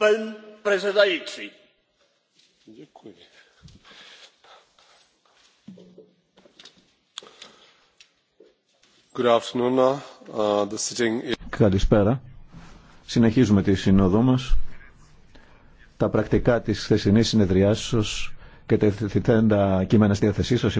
Uh, uh, Καλησπέρα. Συνεχίζουμε τη συνόδο μας. Τα πρακτικά της χθεσινής συνεδριάσεως και τα θετικά κείμενα στη διάθεσή σας